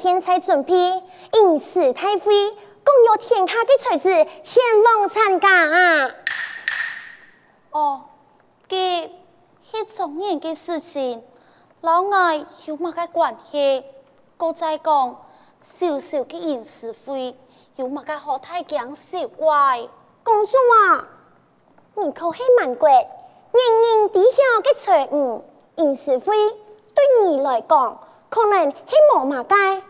天才準備，應試大會，共有天下嘅才子前往參加啊！哦，給許種樣嘅事情，老外有乜嘅關係？閣再講，小小嘅應試費，有乜嘅好大驚小怪？公主啊，你可是蠻貴，人人底下嘅財物，應試費對你來講，可能係無麼介